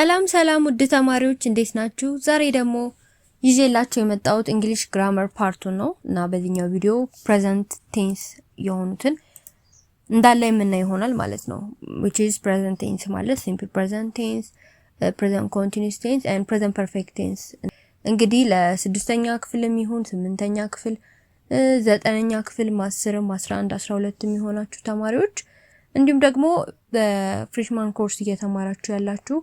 ሰላም ሰላም ውድ ተማሪዎች እንዴት ናችሁ? ዛሬ ደግሞ ይዤላችሁ የመጣሁት እንግሊሽ ግራመር ፓርቱን ነው እና በዚህኛው ቪዲዮ ፕሬዘንት ቴንስ የሆኑትን እንዳለ የምናይ ይሆናል ማለት ነው። which is present tense ማለት simple present tense, uh, present continuous tense and present perfect tense እንግዲህ ለስድስተኛ ክፍል የሚሆን ስምንተኛ ክፍል uh, ዘጠነኛ ክፍል አስርም አስራ አንድ አስራ ሁለትም የሆናችሁ ተማሪዎች እንዲሁም ደግሞ በፍሬሽማን ኮርስ እየተማራችሁ ያላችሁ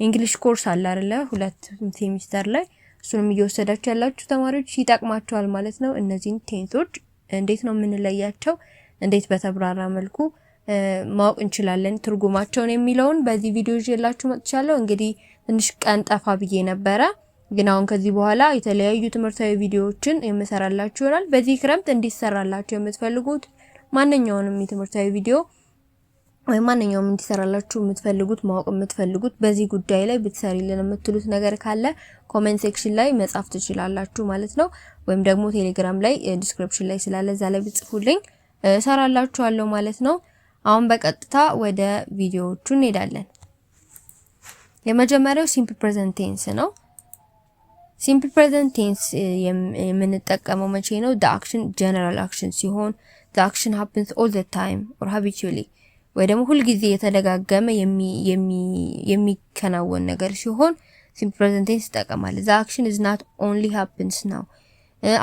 የእንግሊሽ ኮርስ አለ አይደለ? ሁለት ሴሚስተር ላይ እሱንም እየወሰዳችሁ ያላችሁ ተማሪዎች ይጠቅማቸዋል ማለት ነው። እነዚህን ቴንቶች እንዴት ነው የምንለያቸው? እንዴት በተብራራ መልኩ ማወቅ እንችላለን ትርጉማቸውን የሚለውን በዚህ ቪዲዮ ይዤላችሁ መጥቻለሁ። እንግዲህ ትንሽ ቀን ጠፋ ብዬ ነበረ፣ ግን አሁን ከዚህ በኋላ የተለያዩ ትምህርታዊ ቪዲዮዎችን የምሰራላችሁ ይሆናል። በዚህ ክረምት እንዲሰራላችሁ የምትፈልጉት ማንኛውንም የትምህርታዊ ቪዲዮ ወይም ማንኛውም እንዲሰራላችሁ የምትፈልጉት ማወቅ የምትፈልጉት በዚህ ጉዳይ ላይ ብትሰሪልን የምትሉት ነገር ካለ ኮሜንት ሴክሽን ላይ መጻፍ ትችላላችሁ ማለት ነው። ወይም ደግሞ ቴሌግራም ላይ ዲስክሪፕሽን ላይ ስላለ እዛ ላይ ብትጽፉልኝ እሰራላችኋለሁ ማለት ነው። አሁን በቀጥታ ወደ ቪዲዮዎቹ እንሄዳለን። የመጀመሪያው ሲምፕል ፕሬዘንት ቴንስ ነው። ሲምፕል ፕሬዘንት ቴንስ የምንጠቀመው መቼ ነው? ዳ አክሽን ጀነራል አክሽን ሲሆን ዳ አክሽን ሃፕንስ ኦል ዘ ታይም ኦር ሃቢቹሊ ወይ ደግሞ ሁልጊዜ የተደጋገመ የሚከናወን ነገር ሲሆን ሲምፕል ፕሬዘንት ቴንስ ይጠቀማል። ዘ አክሽን ኢዝ ናት ኦንሊ ሃፕንስ ናው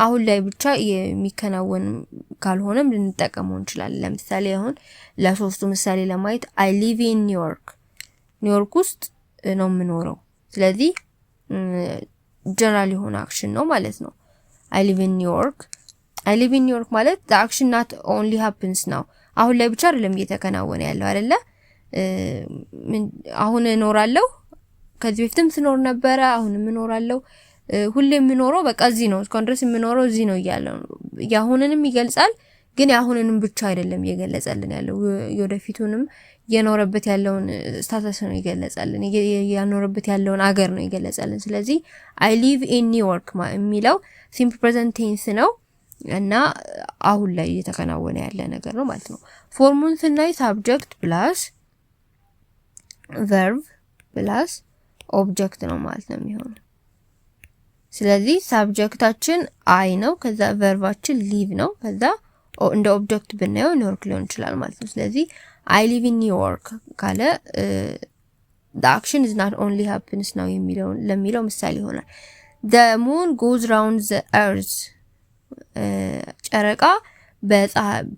አሁን ላይ ብቻ የሚከናወን ካልሆነም ልንጠቀመው እንችላለን። ለምሳሌ አሁን ለሶስቱ ምሳሌ ለማየት አይ ሊቭ ኢን ኒውዮርክ፣ ኒውዮርክ ውስጥ ነው የምኖረው። ስለዚህ ጀነራል የሆነ አክሽን ነው ማለት ነው። አይ ሊቭ ኢን ኒውዮርክ። አይ ሊቭ ኢን ኒውዮርክ ማለት ዘ አክሽን ናት ኦንሊ ሃፕንስ ናው አሁን ላይ ብቻ አይደለም እየተከናወነ ያለው አይደለ? አሁን እኖራለሁ፣ ከዚህ በፊትም ስኖር ነበረ፣ አሁንም እኖራለሁ። ሁሌ የምኖረው በቃ እዚህ ነው፣ እስካሁን ድረስ የምኖረው እዚህ ነው እያለ የአሁንንም ይገልጻል፣ ግን የአሁንንም ብቻ አይደለም እየገለጸልን ያለው የወደፊቱንም እየኖረበት ያለውን ስታተስ ነው ይገለጻልን፣ ያኖረበት ያለውን አገር ነው ይገለጻልን። ስለዚህ አይ ሊቭ ኢን ኒውዮርክ የሚለው ሲምፕል ፕሬዘንት ቴንስ ነው። እና አሁን ላይ እየተከናወነ ያለ ነገር ነው ማለት ነው። ፎርሙን ስናይ ሳብጀክት ፕላስ ቨርብ ፕላስ ኦብጀክት ነው ማለት ነው የሚሆነው። ስለዚህ ሳብጀክታችን አይ ነው፣ ከዛ ቨርባችን ሊቭ ነው፣ ከዛ እንደ ኦብጀክት ብናየው ኒውዮርክ ሊሆን ይችላል ማለት ነው። ስለዚህ አይ ሊቭ ኢን ኒውዮርክ ካለ አክሽን ኢዝ ናት ኦንሊ ሃፕንስ ነው የሚለው ለሚለው ምሳሌ ይሆናል። ዘ ሙን ጎዝ ራውንድ ዘ ኤርዝ ጨረቃ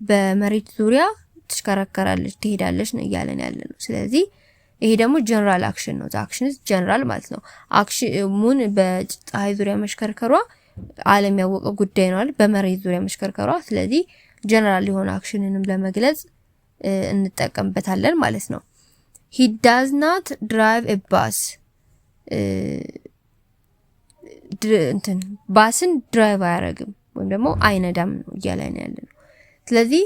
በመሬት ዙሪያ ትሽከረከራለች፣ ትሄዳለች ነው እያለን ያለ ነው። ስለዚህ ይሄ ደግሞ ጀነራል አክሽን ነው። አክሽን ጀነራል ማለት ነው። ሙን በፀሐይ ዙሪያ መሽከርከሯ ዓለም ያወቀ ጉዳይ ነው፣ በመሬት ዙሪያ መሽከርከሯ። ስለዚህ ጀነራል የሆነ አክሽንንም ለመግለጽ እንጠቀምበታለን ማለት ነው። ሂ ዳዝ ናት ድራይቭ ባስ እንትን ባስን ድራይቭ አያረግም። ወይም ደግሞ አይነዳም ነው እያለን ያለ ነው። ስለዚህ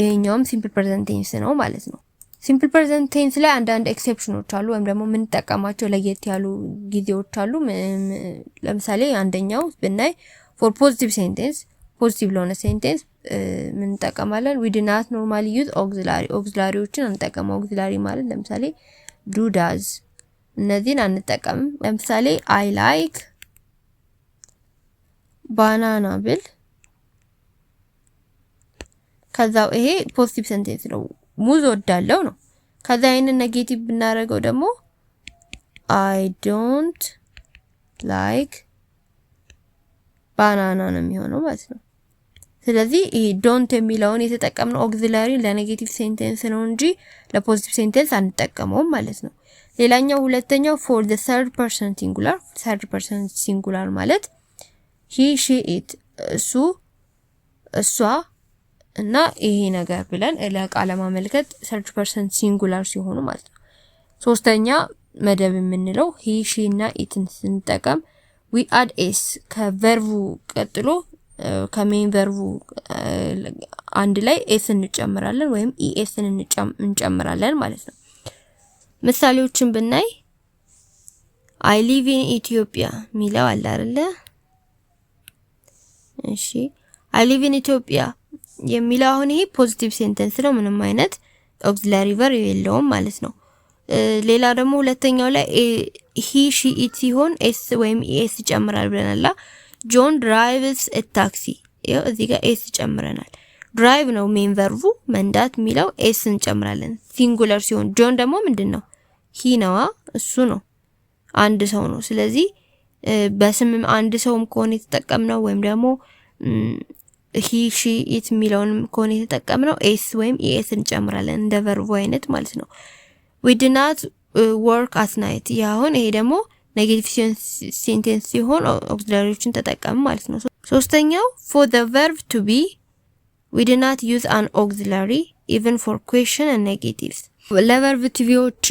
ይሄኛውም ሲምፕል ፕሬዘንት ቴንስ ነው ማለት ነው። ሲምፕል ፕሬዘንት ቴንስ ላይ አንዳንድ ኤክሴፕሽኖች አሉ፣ ወይም ደግሞ የምንጠቀማቸው ለየት ያሉ ጊዜዎች አሉ። ለምሳሌ አንደኛው ብናይ ፎር ፖዚቲቭ ሴንቴንስ ፖዚቲቭ ለሆነ ሴንቴንስ ምን እንጠቀማለን? ዊ ድናት ኖርማሊ ዩዝ ኦግዚላሪ ኦግዚላሪዎችን አንጠቀም። ኦግዚላሪ ማለት ለምሳሌ ዱ ዳዝ፣ እነዚህን አንጠቀምም። ለምሳሌ አይ ላይክ ባናና ብል ከዛ ይሄ ፖዚቲቭ ሴንቴንስ ነው። ሙዝ ወዳለው ነው። ከዛ ይሄንን ኔጌቲቭ ብናደርገው ደግሞ አይ ዶንት ላይክ ባናና ነው የሚሆነው ማለት ነው። ስለዚህ ይሄ ዶንት የሚለውን የተጠቀምነው ኦግዚላሪ ለኔጌቲቭ ሴንቴንስ ነው እንጂ ለፖዚቲቭ ሴንቴንስ አንጠቀመውም ማለት ነው። ሌላኛው ሁለተኛው ፎር ዘ ሰርድ ፐርሰን ሲንጉላር። ሰርድ ፐርሰን ሲንጉላር ማለት ሂ ሺ ኢት እሱ እሷ እና ይሄ ነገር ብለን ለዕቃ ለማመልከት ሰርች ፐርሰን ሲንጉላር ሲሆኑ ማለት ነው። ሶስተኛ መደብ የምንለው ሂ ሺ እና ኢትን ስንጠቀም ዊ አድ ኤስ ከቨርቡ ቀጥሎ ከሜን ቨርቡ አንድ ላይ ኤስ እንጨምራለን ወይም ኢኤስን እንጨምራለን ማለት ነው። ምሳሌዎችን ብናይ አይ ሊቭ ኢን ኢትዮጵያ ሚለው አለ አይደለ? እሺ አይ ሊቭ ኢን ኢትዮጵያ የሚለው አሁን ይሄ ፖዚቲቭ ሴንተንስ ነው። ምንም አይነት ኦግዚላሪ ቨር የለውም ማለት ነው። ሌላ ደግሞ ሁለተኛው ላይ ሂ ሺ ኢት ሲሆን ኤስ ወይም ኤስ ጨምራል ብለናላ። ጆን ድራይቭስ ታክሲ ይኸው እዚህ ጋር ኤስ ጨምረናል። ድራይቭ ነው ሜን ቨርቡ መንዳት የሚለው ኤስ እንጨምራለን። ሲንጉለር ሲሆን ጆን ደግሞ ምንድን ነው ሂ ነዋ፣ እሱ ነው አንድ ሰው ነው። ስለዚህ በስምም አንድ ሰውም ከሆነ የተጠቀምነው ወይም ደግሞ ሂ ሺ ኢት የሚለውንም ከሆነ የተጠቀምነው ኤስ ወይም ኢኤስ እንጨምራለን እንደ ቨርቡ አይነት ማለት ነው። ዊ ድ ናት ወርክ አት ናይት ያሁን ይሄ ደግሞ ኔጌቲቭ ሴንቴንስ ሲሆን ኦክሲላሪዎችን ተጠቀም ማለት ነው። ሶስተኛው ፎር ዘ ቨርብ ቱ ቢ ዊ ድ ናት ዩዝ አን ኦክሲላሪ ኢቨን ፎር ኩዌሽን ኔጌቲቭስ ለቨርብ ቱቢዎች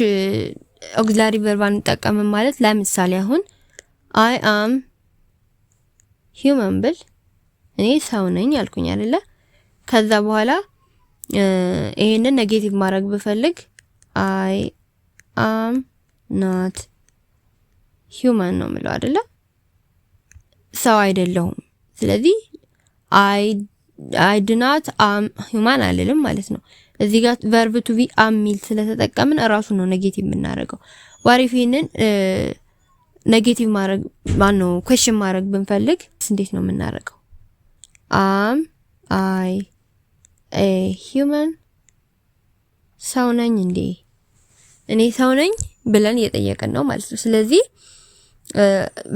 ኦክሲላሪ ቨርብ አንጠቀምም ማለት ለምሳሌ አሁን አይ አም ሂውመን ብል እኔ ሰው ነኝ አልኩኝ አይደለ? ከዛ በኋላ ይሄንን ኔጌቲቭ ማድረግ ብፈልግ አይ አም ናት ሂውመን ነው የምለው አይደለ? ሰው አይደለሁም። ስለዚህ አይ አይ ድናት አም ሂውማን አልልም ማለት ነው። እዚህ ጋር ቨርብ ቱ ቢ አም ሚል ስለተጠቀምን እራሱ ነው ኔጌቲቭ የምናደርገው። ዋሪፊንን ኔጌቲቭ ማድረግ ማነው ኩዌስቸን ማድረግ ብንፈልግ እንዴት ነው የምናደርገው? አም አይ ኤ ሂውማን ሰው ነኝ እንዴ እኔ ሰው ነኝ ብለን እየጠየቅን ነው ማለት ነው። ስለዚህ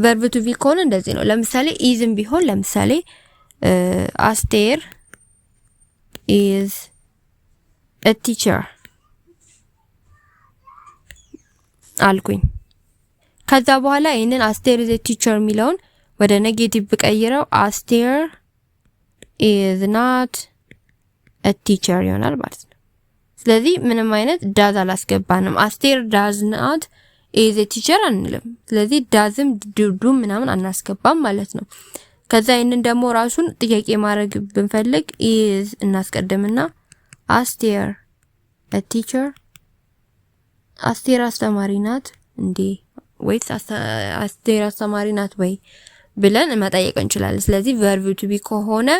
ቨርብ ቱ ቢ ከሆነ እንደዚህ ነው። ለምሳሌ ኢዝም ቢሆን ለምሳሌ አስቴር ኢዝ ኤ ቲቸር አልኩኝ ከዛ በኋላ ይህንን አስቴር ኢዝ ቲቸር የሚለውን ወደ ኔጌቲቭ ብቀይረው አስቴር ኢዝ ናት ቲቸር ይሆናል ማለት ነው። ስለዚህ ምንም አይነት ዳዝ አላስገባንም። አስቴር ዳዝ ናት ኢዝ ቲቸር አንልም። ስለዚህ ዳዝም ዱዱ ምናምን አናስገባም ማለት ነው። ከዛ ይህንን ደግሞ ራሱን ጥያቄ ማድረግ ብንፈልግ ኢዝ እናስቀድምና አስቴር ቲቸር አስቴር አስተማሪ ናት እንዴ ወይስ አስቴር አስተማሪ ናት ወይ ብለን መጠየቅ እንችላለን። ስለዚህ ቨርብ ቱ ቢ ከሆነ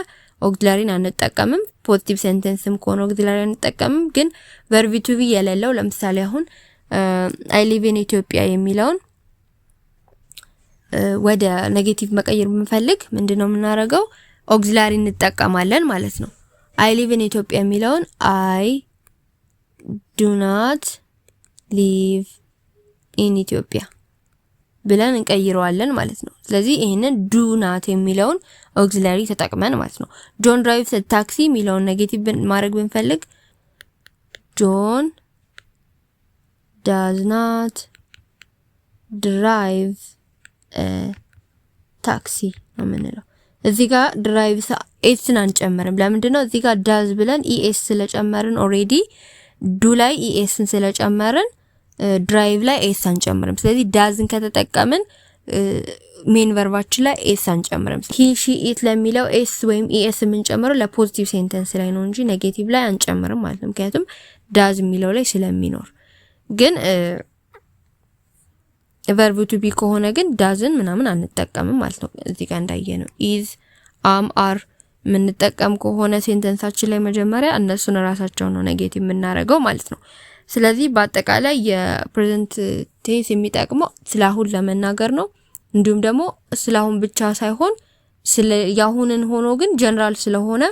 ኦግዝላሪን አንጠቀምም። ፖዚቲቭ ሴንተንስም ከሆነ ኦግዝላሪ አንጠቀምም። ግን ቨርብ ቱ ቢ የሌለው ለምሳሌ አሁን አይ ሊቭ ኢን ኢትዮጵያ የሚለውን ወደ ኔጌቲቭ መቀየር ብንፈልግ ምንድነው የምናደርገው? ኦግዝላሪ እንጠቀማለን ማለት ነው። አይ ሊቭ ኢን ኢትዮጵያ የሚለውን አይ ዱ ናት ሊቭ ኢን ኢትዮጵያ ብለን እንቀይረዋለን ማለት ነው። ስለዚህ ይህንን ዱ ናት የሚለውን ኦግዚላሪ ተጠቅመን ማለት ነው። ጆን ድራይቭ ታክሲ የሚለውን ኔጌቲቭ ማድረግ ብንፈልግ ጆን ዳዝ ናት ድራይቭ ታክሲ ነው የምንለው። እዚህ ጋር ድራይቭ ኤስን አንጨምርም። ለምንድን ነው? እዚህ ጋር ዳዝ ብለን ኢኤስ ስለጨመርን ኦሬዲ ዱ ላይ ኢኤስን ስለጨመርን ድራይቭ ላይ ኤስ አንጨምርም። ስለዚህ ዳዝን ከተጠቀምን ሜን ቨርባችን ላይ ኤስ አንጨምርም። ሂ ሺ ኢት ለሚለው ኤስ ወይም ኢኤስ የምንጨምረው ለፖዚቲቭ ሴንተንስ ላይ ነው እንጂ ኔጌቲቭ ላይ አንጨምርም ማለት ነው። ምክንያቱም ዳዝ የሚለው ላይ ስለሚኖር። ግን ቨርብ ቱ ቢ ከሆነ ግን ዳዝን ምናምን አንጠቀምም ማለት ነው። እዚህ ጋር እንዳየ ነው ኢዝ አም አር የምንጠቀም ከሆነ ሴንተንሳችን ላይ መጀመሪያ እነሱን ራሳቸው ነው ኔጌቲቭ የምናደርገው ማለት ነው። ስለዚህ በአጠቃላይ የፕሬዘንት ቴንስ የሚጠቅመው ስለ አሁን ለመናገር ነው። እንዲሁም ደግሞ ስለ አሁን ብቻ ሳይሆን ስለ ያሁንን ሆኖ ግን ጀነራል ስለሆነ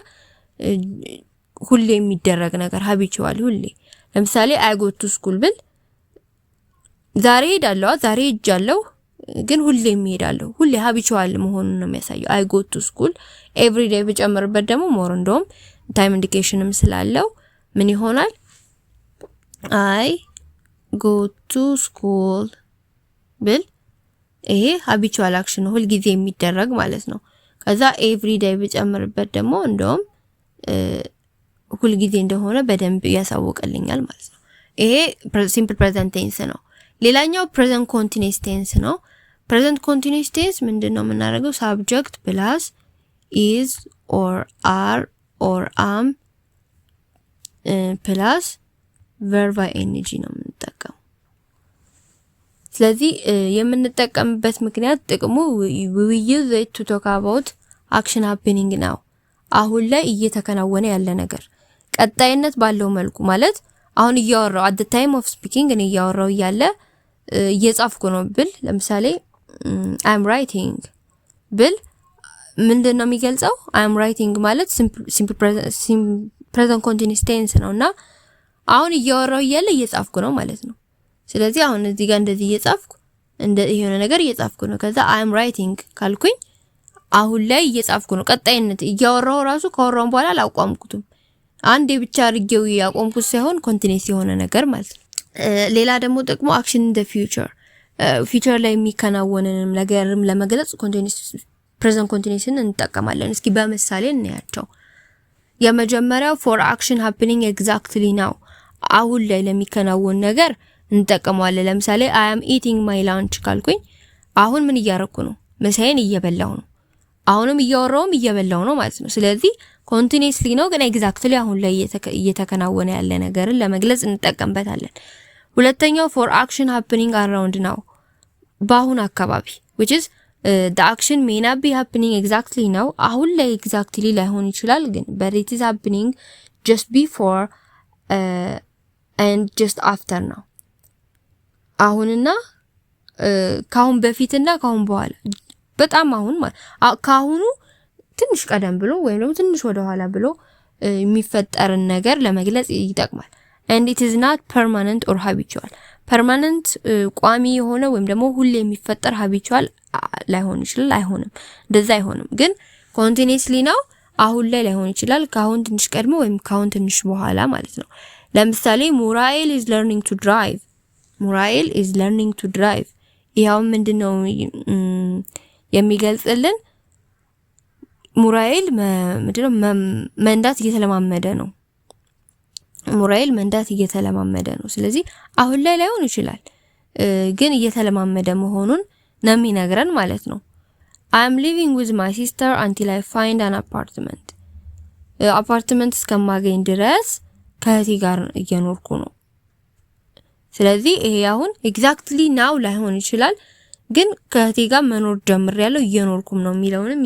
ሁሌ የሚደረግ ነገር ሀቢችዋል ሁሌ ለምሳሌ አይጎቱ ስኩል ብል ዛሬ ሄዳለሁ፣ ዛሬ ሄጃለሁ፣ ግን ሁሌ የሚሄዳለሁ። ሁሌ ሀቢችዋል መሆኑን ነው የሚያሳየው። አይጎቱ ስኩል ኤቭሪ ዴይ ብጨምርበት ደግሞ ሞር እንደውም ታይም ኢንዲኬሽንም ስላለው ምን ይሆናል አይ ጎ ቱ ስኩል ብል ይሄ ሀቢቹዋል አክሽን ሁል ጊዜ የሚደረግ ማለት ነው። ከዛ ኤቭሪ ዴይ ብጨምርበት ደግሞ እንደውም ሁል ጊዜ እንደሆነ በደንብ ያሳውቅልኛል ማለት ነው። ይሄ ሲምፕል ፕሬዘንት ቴንስ ነው። ሌላኛው ፕሬዘንት ኮንቲኒስ ቴንስ ነው። ፕሬዘንት ኮንቲኒስ ቴንስ ምንድን ነው የምናደርገው? ሳብጀክት ፕላስ ኢዝ ኦር አር ኦር አም ፕላስ ቨርባ ኤንጂ ነው የምንጠቀመው። ስለዚህ የምንጠቀምበት ምክንያት ጥቅሙ ውይይት ዘይ ቱ ቶክ አባውት አክሽን ሃፕኒንግ ነው፣ አሁን ላይ እየተከናወነ ያለ ነገር ቀጣይነት ባለው መልኩ ማለት አሁን እያወራው አት ታይም ኦፍ ስፒኪንግ እኔ እያወራው እያለ እየጻፍኩ ነው ብል ለምሳሌ አይም ራይቲንግ ብል ምንድን ነው የሚገልጸው? አይም ራይቲንግ ማለት ሲምፕል ፕሬዘንት ኮንቲኒስ ቴንስ ነው እና አሁን እያወራው እያለ እየጻፍኩ ነው ማለት ነው። ስለዚህ አሁን እዚህ ጋር እንደዚህ እየጻፍኩ እንደ የሆነ ነገር እየጻፍኩ ነው። ከዛ አይ አም ራይቲንግ ካልኩኝ አሁን ላይ እየጻፍኩ ነው። ቀጣይነት እያወራው ራሱ ካወራው በኋላ አላቋምኩትም። አንዴ ብቻ አድርጌው ያቆምኩት ሳይሆን ኮንቲኒስ የሆነ ነገር ማለት ነው። ሌላ ደግሞ ጥቅሙ አክሽን ኢን ዘ ፊውቸር ፊውቸር ላይ የሚከናወንንም ነገርም ለመግለጽ ኮንቲኒስ ፕሬዘንት ኮንቲኒስን እንጠቀማለን። እስኪ በምሳሌ እናያቸው። የመጀመሪያው ፎር አክሽን ሃፕኒንግ ኤግዛክትሊ ናው አሁን ላይ ለሚከናወን ነገር እንጠቀመዋለን። ለምሳሌ አይ አም ኢቲንግ ማይ ላንች ካልኩኝ አሁን ምን እያረኩ ነው? ምሳዬን እየበላው ነው። አሁንም እያወራውም እየበላው ነው ማለት ነው። ስለዚህ ኮንቲኒስሊ ነው፣ ግን ኤግዛክትሊ አሁን ላይ እየተከናወነ ያለ ነገርን ለመግለጽ እንጠቀምበታለን። ሁለተኛው ፎር አክሽን ሃፕኒንግ አራውንድ ናው በአሁን አካባቢ which is አክሽን ሜይ ናት ቢ ሃፕኒንግ ኤግዛክትሊ ነው። አሁን ላይ ኤግዛክትሊ ላይሆን ይችላል፣ ግን but it is happening just before uh, ኤንድ ጀስት አፍተር ነው። አሁንና ካሁን በፊትና ካሁን በኋላ በጣም አሁን ማለት ካሁኑ ትንሽ ቀደም ብሎ ወይም ደግሞ ትንሽ ወደኋላ ብሎ የሚፈጠርን ነገር ለመግለጽ ይጠቅማል። ኤንድ ኢት ኢዝ ናት ፐርማነንት ኦር ሀቢቹዋል። ፐርማነንት ቋሚ የሆነ ወይም ደግሞ ሁሌ የሚፈጠር ሀቢቹዋል ላይሆን ይችላል። አይሆንም፣ እንደዛ አይሆንም። ግን ኮንቲኒስሊ ነው። አሁን ላይ ላይሆን ይችላል፣ ካሁን ትንሽ ቀድሞ ወይም ካሁን ትንሽ በኋላ ማለት ነው። ለምሳሌ ሙራኤል ኢዝ ለርኒንግ ቱ ድራይቭ፣ ሙራኤል ኢዝ ለርኒንግ ቱ ድራይቭ። ይኸው ምንድን ነው የሚገልጽልን? ሙራኤል ምንድነው መንዳት እየተለማመደ ነው። ሙራኤል መንዳት እየተለማመደ ነው። ስለዚህ አሁን ላይ ላይሆን ይችላል፣ ግን እየተለማመደ መሆኑን ነው የሚነግረን ማለት ነው። አይ አም ሊቪንግ ዊዝ ማይ ሲስተር አንቲል አይ ፋይንድ አን አፓርትመንት፣ አፓርትመንት እስከማገኝ ድረስ ከእህቴ ጋር እየኖርኩ ነው። ስለዚህ ይሄ አሁን ኤግዛክትሊ ናው ላይሆን ይችላል፣ ግን ከእህቴ ጋር መኖር ጀምሬያለሁ እየኖርኩም ነው የሚለውንም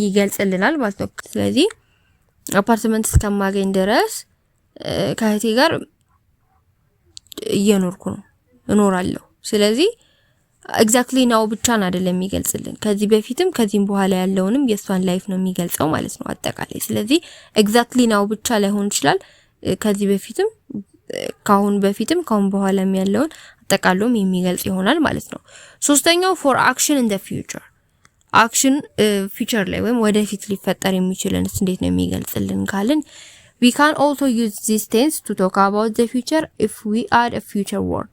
ይገልጽልናል ማለት ነው። ስለዚህ አፓርትመንት እስከማገኝ ድረስ ከእህቴ ጋር እየኖርኩ ነው እኖራለሁ። ስለዚህ ኤግዛክትሊ ናው ብቻን አይደለም የሚገልጽልን ከዚህ በፊትም ከዚህም በኋላ ያለውንም የእሷን ላይፍ ነው የሚገልጸው ማለት ነው አጠቃላይ። ስለዚህ ኤግዛክትሊ ናው ብቻ ላይሆን ይችላል ከዚህ በፊትም ካሁን በፊትም ካሁን በኋላም ያለውን አጠቃሎም የሚገልጽ ይሆናል ማለት ነው። ሶስተኛው ፎር አክሽን ኢን ዘ ፊውቸር አክሽን ፊውቸር ላይ ወይም ወደፊት ሊፈጠር የሚችልን እንዴት ነው የሚገልጽልን ካልን we can also use this tense to talk about the future if we add a future word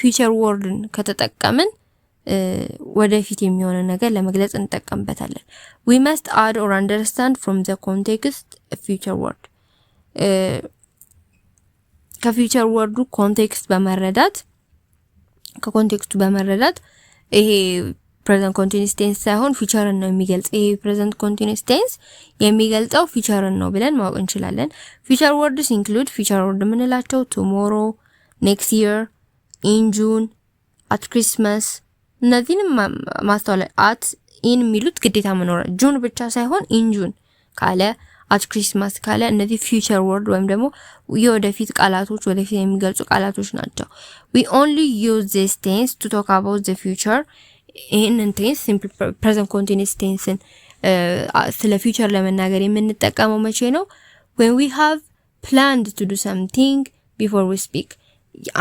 future wordን ከተጠቀምን ወደፊት የሚሆነ ነገር ለመግለጽ እንጠቀምበታለን። we must add or understand from the context a future word ከፊውቸር ወርዱ ኮንቴክስት በመረዳት ከኮንቴክስቱ በመረዳት ይሄ ፕሬዘንት ኮንቲኒስ ቴንስ ሳይሆን ፊቸርን ነው የሚገልጽ። ይሄ ፕሬዘንት ኮንቲኒስ ቴንስ የሚገልጸው ፊቸርን ነው ብለን ማወቅ እንችላለን። ፊቸር ወርድስ ኢንክሉድ ፊቸር ወርድ የምንላቸው ቱሞሮ፣ ኔክስት ይር፣ ኢን ጁን፣ አት ክሪስማስ። እነዚህንም ማስተዋል አት ኢን የሚሉት ግዴታ መኖር ጁን ብቻ ሳይሆን ኢን ጁን ካለ አት ክሪስማስ ካለ እነዚህ ፊውቸር ወርድ ወይም ደግሞ የወደፊት ቃላቶች ወደፊት የሚገልጹ ቃላቶች ናቸው። ዊ ኦንሊ ዩዝ ዚስ ቴንስ ቱ ቶክ አባውት ዘ future ይህንን ቴንስ ሲምፕል ፕሬዘንት ኮንቲኒስ ቴንስን ስለ ፊውቸር ለመናገር የምንጠቀመው መቼ ነው? when ዊ ሃቭ ፕላንድ ቱ ዱ something ቢፎር ዊ ስፒክ።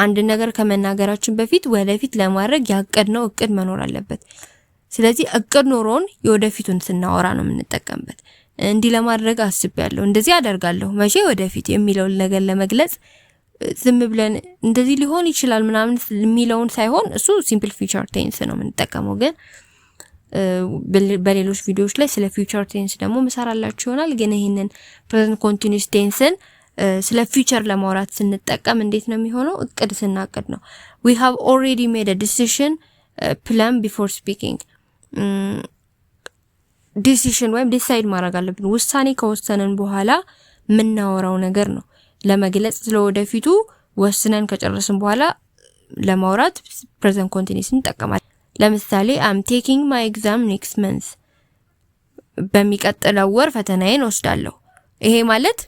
አንድ ነገር ከመናገራችን በፊት ወደፊት ለማድረግ ያቀድነው እቅድ መኖር አለበት። ስለዚህ እቅድ ኖሮን የወደፊቱን ስናወራ ነው የምንጠቀምበት። እንዲህ ለማድረግ አስቤያለሁ፣ እንደዚህ አደርጋለሁ፣ መቼ ወደፊት የሚለውን ነገር ለመግለጽ ዝም ብለን እንደዚህ ሊሆን ይችላል ምናምን የሚለውን ሳይሆን እሱ ሲምፕል ፊውቸር ቴንስ ነው የምንጠቀመው። ግን በሌሎች ቪዲዮዎች ላይ ስለ ፊውቸር ቴንስ ደግሞ ምሰራላችሁ ይሆናል። ግን ይህንን ፕሬዘንት ኮንቲኒስ ቴንስን ስለ ፊውቸር ለማውራት ስንጠቀም እንዴት ነው የሚሆነው? እቅድ ስናቅድ ነው ዊ ሃቭ ኦልሬዲ ሜድ አ ዲሲሽን ፕላን ቢፎር ስፒኪንግ ዲሲሽን ወይም ዲሳይድ ማድረግ አለብን። ውሳኔ ከወሰንን በኋላ የምናወራው ነገር ነው ለመግለጽ ስለወደፊቱ ወስነን ከጨረስን በኋላ ለማውራት ፕሬዘንት ኮንቲኒስ እንጠቀማለን። ለምሳሌ አም ቴኪንግ ማይ ኤግዛም ኔክስት መንስ፣ በሚቀጥለው ወር ፈተናዬን ወስዳለሁ። ይሄ ማለት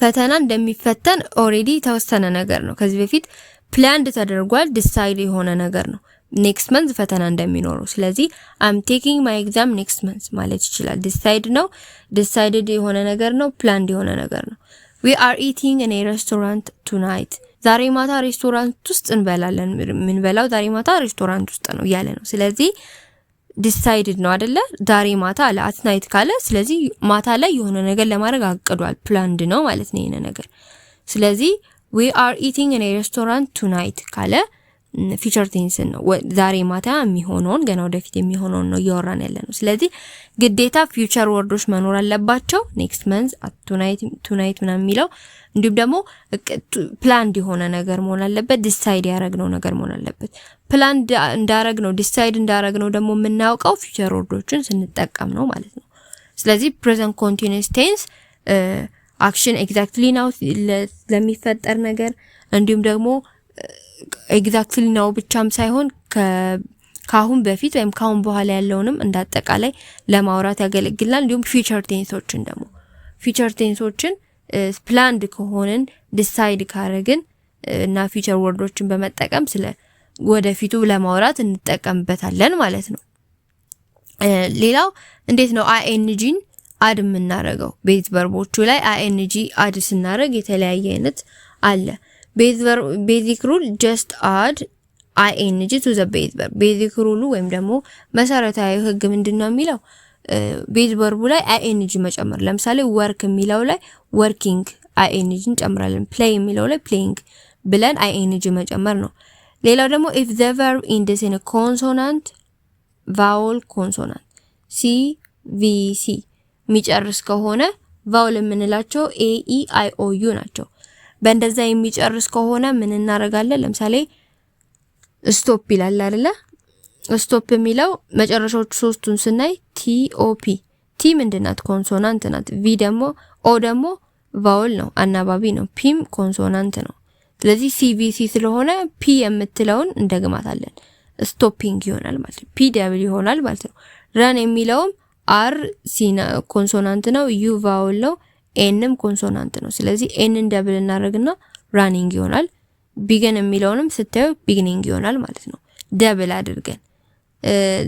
ፈተና እንደሚፈተን ኦሬዲ የተወሰነ ነገር ነው። ከዚህ በፊት ፕላንድ ተደርጓል፣ ዲሳይድ የሆነ ነገር ነው። ኔክስት መንዝ ፈተና እንደሚኖረው ስለዚህ አም ቴኪንግ ማይ ኤግዛም ኔክስት መንዝ ማለት ይችላል። ዲሳይድ ነው ዲሳይድድ የሆነ ነገር ነው ፕላንድ የሆነ ነገር ነው። ዊ አር ኢቲንግ ኢን ኤ ሬስቶራንት ቱናይት ዛሬ ማታ ሬስቶራንት ውስጥ እንበላለን። የምንበላው ዛሬ ማታ ሬስቶራንት ውስጥ ነው እያለ ነው። ስለዚህ ዲሳይድድ ነው አደለ? ዛሬ ማታ አለ አትናይት ካለ ስለዚህ ማታ ላይ የሆነ ነገር ለማድረግ አቅዷል። ፕላንድ ነው ማለት ነው ይሄ ነገር። ስለዚህ ዊ አር ኢቲንግ ኢን ኤ ሬስቶራንት ቱናይት ካለ ፊቸር ቴንስን ነው ዛሬ ማታ የሚሆነውን ገና ወደፊት የሚሆነውን ነው እያወራን ያለ ነው። ስለዚህ ግዴታ ፊውቸር ወርዶች መኖር አለባቸው። ኔክስት መንዝ ቱናይት ቱናይት ምናምን የሚለው እንዲሁም ደግሞ ፕላንድ የሆነ ነገር መሆን አለበት። ዲሳይድ ያደረግነው ነገር መሆን አለበት። ፕላንድ ነው ዲሳይድ እንዳረግ ነው ደግሞ የምናውቀው ፊውቸር ወርዶችን ስንጠቀም ነው ማለት ነው። ስለዚህ ፕሬዘንት ኮንቲኒስ ቴንስ አክሽን ኤግዛክትሊ ናው ለሚፈጠር ነገር እንዲሁም ደግሞ ኤግዛክትሊ ነው ብቻም ሳይሆን ከአሁን በፊት ወይም ከአሁን በኋላ ያለውንም እንዳጠቃላይ ለማውራት ያገለግላል። እንዲሁም ፊቸር ቴንሶችን ደግሞ ፊቸር ቴንሶችን ፕላንድ ከሆንን ዲሳይድ ካረግን እና ፊቸር ወርዶችን በመጠቀም ስለ ወደፊቱ ለማውራት እንጠቀምበታለን ማለት ነው። ሌላው እንዴት ነው አይኤንጂን አድ የምናደርገው? ቤት በርቦቹ ላይ አይኤንጂ አድ ስናደርግ የተለያየ አይነት አለ። ቤዚክ ሩል ጀስት አድ አይኤንጂ ቱ ዘ ቤዝ ቨርብ። ቤዚክ ሩሉ ወይም ደግሞ መሰረታዊ ህግ ምንድን ነው የሚለው ቤዝ ቨርቡ ላይ አይኤንጂ መጨመር። ለምሳሌ ወርክ የሚለው ላይ ወርኪንግ አይኤንጂ እንጨምራለን። ፕሌይ የሚለው ላይ ፕሌይንግ ብለን አይኤንጂ መጨመር ነው። ሌላው ደግሞ ኢፍ ዘ ቨርብ ኢንድስ ኢን ኮንሶናንት ቫውል ኮንሶናንት ሲ ቪ ሲ የሚጨርስ ከሆነ ቫውል የምንላቸው ኤ ኢ አይ ኦ ዩ ናቸው። በእንደዛ የሚጨርስ ከሆነ ምን እናደርጋለን? ለምሳሌ ስቶፕ ይላል አይደለ? ስቶፕ የሚለው መጨረሻዎቹ ሶስቱን ስናይ ቲ ፒ ቲ ምንድናት? ኮንሶናንት ናት። ቪ ደግሞ ኦ ደግሞ ቫውል ነው፣ አናባቢ ነው። ፒም ኮንሶናንት ነው። ስለዚህ ሲቪሲ ስለሆነ ፒ የምትለውን እንደግማታለን። ስቶፒንግ ይሆናል ማለት ነው። ፒ ደብል ይሆናል ማለት ነው። ረን የሚለውም አር ኮንሶናንት ነው። ዩ ቫውል ነው። ኤንም ኮንሶናንት ነው። ስለዚህ ኤንን ደብል እናደርግና ራኒንግ ይሆናል። ቢገን የሚለውንም ስታዩ ቢግኒንግ ይሆናል ማለት ነው። ደብል አድርገን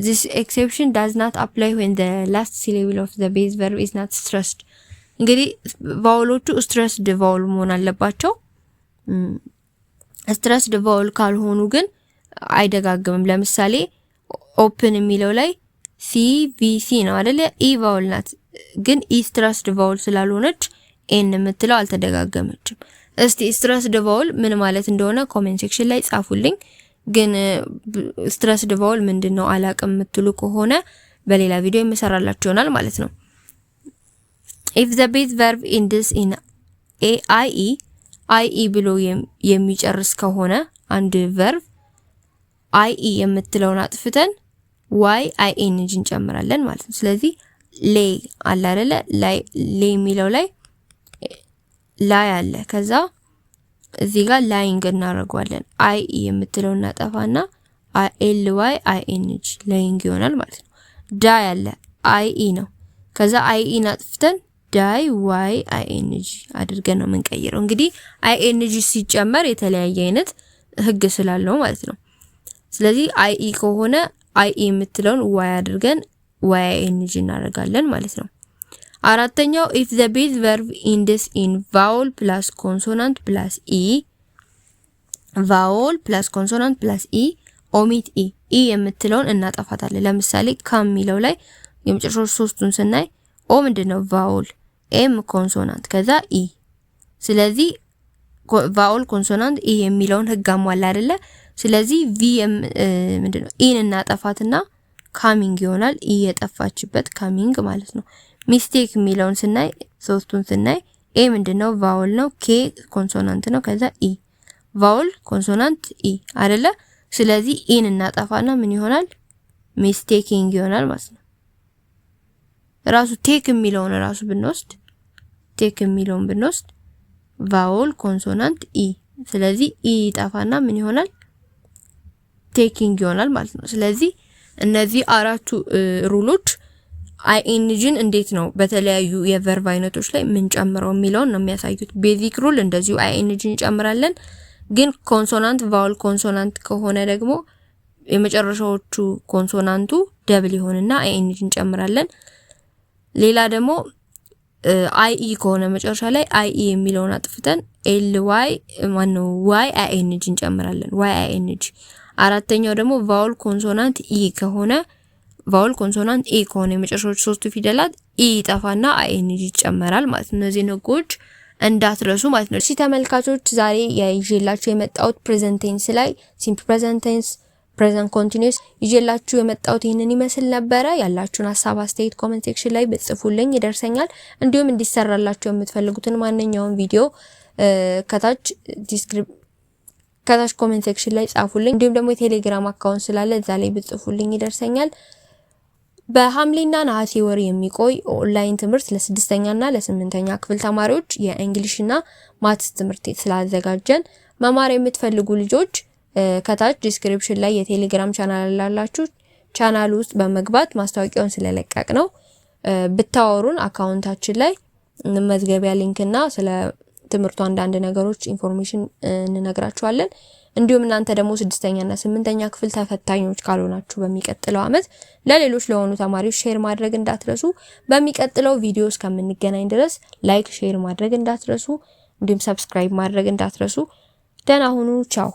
this exception does not apply when the last syllable of the base verb is not stressed። እንግዲህ ቫውሎቹ ስትረስድ ቫውል መሆን አለባቸው። ስትረስድ ቫውል ካልሆኑ ግን አይደጋግምም። ለምሳሌ ኦፕን የሚለው ላይ ሲቪሲ ነው አደለ? ኢ ቫውል ናት። ግን ኢስትራስ ድቫውል ስላልሆነች ኤን የምትለው አልተደጋገመችም። እስቲ ስትረስ ድቫውል ምን ማለት እንደሆነ ኮሜንት ሴክሽን ላይ ጻፉልኝ። ግን ስትረስ ድቫውል ምንድን ነው አላቅም የምትሉ ከሆነ በሌላ ቪዲዮ የምሰራላችሁ ይሆናል ማለት ነው። ኢፍ ዘ ቤዝ ቨርብ ኢንድስ ኢን ኤ አይ ኢ አይ ኢ ብሎ የሚጨርስ ከሆነ አንድ ቨርብ አይ ኢ የምትለውን አጥፍተን ዋይ አይ ኤን እንጂ እንጨምራለን ማለት ነው። ስለዚህ ሌ አለ አይደለ? ሌ የሚለው ላይ ላይ አለ። ከዛ እዚህ ጋር ላይንግ እናደርገዋለን። አይ ኢ የምትለው እናጠፋና ኤል ዋይ አይ ኤን ጂ ላይንግ ይሆናል ማለት ነው። ዳይ አለ አይ ኢ ነው። ከዛ አይ ኢ እናጥፍተን ዳይ ዋይ አይ ኤን ጂ አድርገን ነው የምንቀይረው። እንግዲህ አይ ኤን ጂ ሲጨመር የተለያየ አይነት ህግ ስላለው ማለት ነው። ስለዚህ አይ ኢ ከሆነ አይ ኢ የምትለውን ዋይ አድርገን ዋይኤንጂ እናደርጋለን ማለት ነው። አራተኛው ኢፍ ዘ ቤዝ ቨርብ ኢንድስ ኢን ቫውል ፕላስ ኮንሶናንት ፕላስ ኢ ቫውል ፕላስ ኮንሶናንት ፕላስ ኢ ኦሚት ኢ ኢ የምትለውን እናጠፋታለን። ለምሳሌ ካም የሚለው ላይ የመጨረሻው ሶስቱን ስናይ ኦ ምንድነው ቫውል፣ ኤም ኮንሶናንት፣ ከዛ ኢ። e ስለዚህ ቫውል ኮንሶናንት ኢ የሚለውን ህግ አሟላ አይደለ? ስለዚህ ቪ ምንድነው ኢን e እናጠፋትና ካሚንግ ይሆናል። ኢ e የጠፋችበት ካሚንግ ማለት ነው። ሚስቴክ የሚለውን ስናይ ሶስቱን ስናይ ኤ ምንድነው? ቫውል ነው። ኬ ኮንሶናንት ነው። ከዛ ኢ ቫውል፣ ኮንሶናንት፣ ኢ አይደለ? ስለዚህ ኢን e እናጠፋና ምን ይሆናል? ሚስቴኪንግ ይሆናል ማለት ነው። ራሱ ቴክ የሚለውን ራሱ ብንወስድ ቴክ የሚለውን ብንወስድ ቫውል፣ ኮንሶናንት፣ ኢ ስለዚህ ኢ e ይጠፋና ምን ይሆናል? ቴኪንግ ይሆናል ማለት ነው። ስለዚህ እነዚህ አራቱ ሩሎች አይኤንጂን እንዴት ነው በተለያዩ የቨርብ አይነቶች ላይ ጨምረው የሚለውን ነው የሚያሳዩት። ቤዚክ ሩል እንደዚሁ አይኤንጂን እንጨምራለን። ግን ኮንሶናንት ቫውል ኮንሶናንት ከሆነ ደግሞ የመጨረሻዎቹ ኮንሶናንቱ ደብል ይሆንና አይኤንጂን እንጨምራለን። ሌላ ደግሞ አይኢ ከሆነ መጨረሻ ላይ አይኢ የሚለውን አጥፍተን ኤል ዋይ ማነው ዋይ አይኤንጂ እንጨምራለን። ዋይ አይኤንጂ አራተኛው ደግሞ ቫውል ኮንሶናንት ኢ ከሆነ ቫውል ኮንሶናንት ኤ ከሆነ የመጨረሻዎች ሶስቱ ፊደላት ኢ ይጠፋና አይኤንጂ ይጨመራል ማለት ነው። እነዚህን ህጎች እንዳትረሱ ማለት ነው። እሺ ተመልካቾች ዛሬ ይዤላችሁ የመጣሁት ፕሬዘንት ቴንስ ላይ ሲምፕል ፕሬዘንት ቴንስ ፕሬዘንት ኮንቲኒዩስ ይዤላችሁ የመጣሁት ይህንን ይመስል ነበረ። ያላችሁን ሀሳብ አስተያየት ኮመንት ሴክሽን ላይ ብጽፉልኝ ይደርሰኛል። እንዲሁም እንዲሰራላችሁ የምትፈልጉትን ማንኛውም ቪዲዮ ከታች ዲስክሪፕ ከታች ኮሜንት ሴክሽን ላይ ጻፉልኝ። እንዲሁም ደግሞ የቴሌግራም አካውንት ስላለ እዛ ላይ ብጽፉልኝ ይደርሰኛል። በሐምሌና ነሐሴ ወር የሚቆይ ኦንላይን ትምህርት ለስድስተኛና ለስምንተኛ ክፍል ተማሪዎች የእንግሊሽና ማትስ ትምህርት ስላዘጋጀን መማር የምትፈልጉ ልጆች ከታች ዲስክሪፕሽን ላይ የቴሌግራም ቻናል ላላችሁ ቻናል ውስጥ በመግባት ማስታወቂያውን ስለለቀቅ ነው ብታወሩን አካውንታችን ላይ መዝገቢያ ሊንክ ስለ ትምህርቱ አንዳንድ ነገሮች ኢንፎርሜሽን እንነግራችኋለን። እንዲሁም እናንተ ደግሞ ስድስተኛና ስምንተኛ ክፍል ተፈታኞች ካልሆናችሁ በሚቀጥለው ዓመት ለሌሎች ለሆኑ ተማሪዎች ሼር ማድረግ እንዳትረሱ። በሚቀጥለው ቪዲዮ እስከምንገናኝ ድረስ ላይክ፣ ሼር ማድረግ እንዳትረሱ፣ እንዲሁም ሰብስክራይብ ማድረግ እንዳትረሱ። ደህና ሁኑ። ቻው